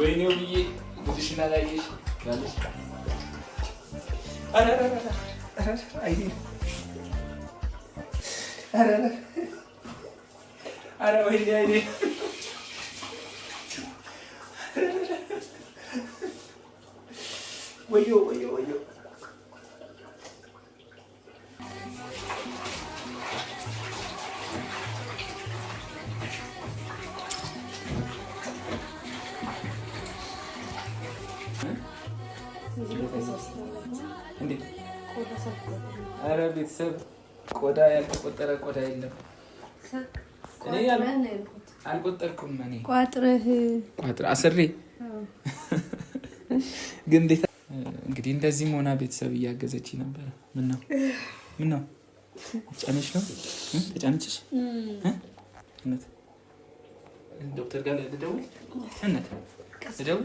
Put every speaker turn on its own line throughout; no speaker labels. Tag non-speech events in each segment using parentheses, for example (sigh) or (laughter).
ወይኔው ብዬ ጉድሽን አላየሽ ያለሽ አረ ወይኔ አይኔ ወዮ ወዮ ኧረ ቤተሰብ ቆዳ ያልተቆጠረ ቆዳ የለም። አልቆጠርኩም። እኔ ቋጥረህ ቋጥረህ አስሬ ግን እንዴት እንግዲህ እንደዚህ መሆና ቤተሰብ እያገዘች ነበረ። ምነው ምነው ተጫነች ነው ተጫነችሽ? ዶክተር ጋር ልደውል እነት ልደውል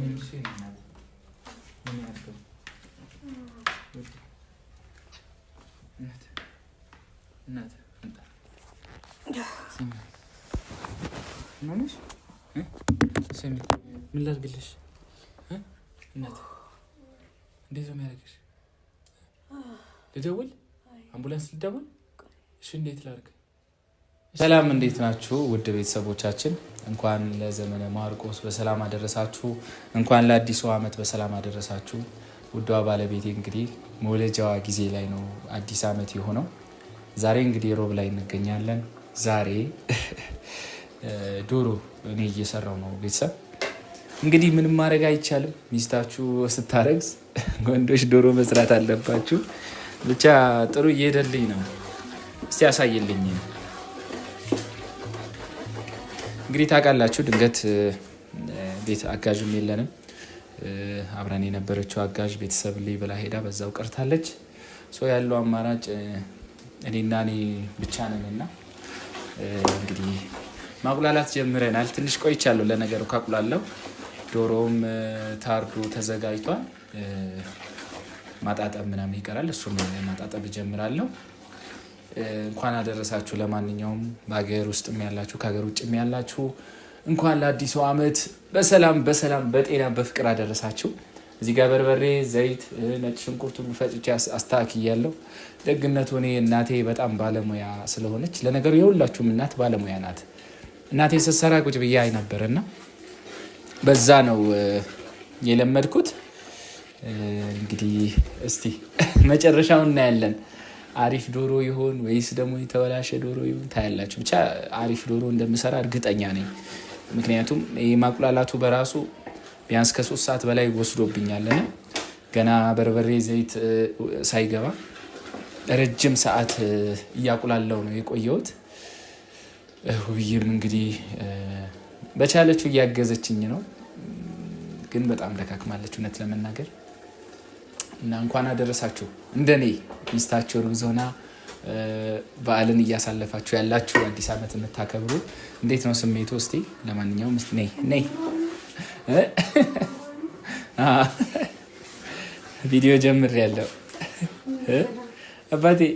ምን ሲል ነው ምን ያልከው? ምን ላድርግልሽ? እናት እንዴት ነው የሚያደርግሽ? ልደውል? አምቡላንስ ልደውል? እሺ፣ እንዴት ላድርግ? ሰላም እንዴት ናችሁ? ውድ ቤተሰቦቻችን እንኳን ለዘመነ ማርቆስ በሰላም አደረሳችሁ። እንኳን ለአዲሱ ዓመት በሰላም አደረሳችሁ። ውዷ ባለቤቴ እንግዲህ መውለጃዋ ጊዜ ላይ ነው አዲስ ዓመት የሆነው። ዛሬ እንግዲህ ሮብ ላይ እንገኛለን። ዛሬ ዶሮ እኔ እየሰራው ነው። ቤተሰብ እንግዲህ ምንም ማድረግ አይቻልም። ሚስታችሁ ስታረግዝ ወንዶች ዶሮ መስራት አለባችሁ። ብቻ ጥሩ እየሄደልኝ ነው። እስቲ ያሳይልኝ እንግዲህ ታውቃላችሁ፣ ድንገት ቤት አጋዥም የለንም። አብረን የነበረችው አጋዥ ቤተሰብ ላይ ብላ ሄዳ በዛው ቀርታለች። ያለው አማራጭ እኔና እኔ ብቻ ነን እና እንግዲህ ማቁላላት ጀምረናል። ትንሽ ቆይቻለሁ ለነገሩ ካቁላለው ዶሮም ታርዶ ተዘጋጅቷል። ማጣጠብ ምናምን ይቀራል። እሱም ማጣጠብ እጀምራለሁ። እንኳን አደረሳችሁ። ለማንኛውም በሀገር ውስጥ ያላችሁ ከሀገር ውጭም ያላችሁ እንኳን ለአዲሱ ዓመት በሰላም በሰላም በጤና በፍቅር አደረሳችሁ። እዚህ ጋር በርበሬ፣ ዘይት፣ ነጭ ሽንኩርት ሁሉ ፈጭቼ አስተካክያለሁ። ደግነቱ እኔ እናቴ በጣም ባለሙያ ስለሆነች ለነገሩ የሁላችሁም እናት ባለሙያ ናት። እናቴ ስትሰራ ቁጭ ብዬ አይ ነበረና በዛ ነው የለመድኩት። እንግዲህ እስቲ (laughs) መጨረሻውን እናያለን። አሪፍ ዶሮ ይሆን ወይስ ደግሞ የተበላሸ ዶሮ ይሆን ታያላችሁ። ብቻ አሪፍ ዶሮ እንደምሰራ እርግጠኛ ነኝ። ምክንያቱም የማቁላላቱ በራሱ ቢያንስ ከሶስት ሰዓት በላይ ወስዶብኛልና ገና በርበሬ ዘይት ሳይገባ ረጅም ሰዓት እያቁላላው ነው የቆየሁት። ውይም እንግዲህ በቻለችው እያገዘችኝ ነው፣ ግን በጣም ደካክማለች እውነት ለመናገር እና እንኳን አደረሳችሁ። እንደኔ ሚስታችሁ እርጉዝ ሆና በዓልን እያሳለፋችሁ ያላችሁ አዲስ ዓመት የምታከብሩ እንዴት ነው ስሜቱ? እስቲ ለማንኛውም ስ ነይ ቪዲዮ ጀምር ያለው አባቴ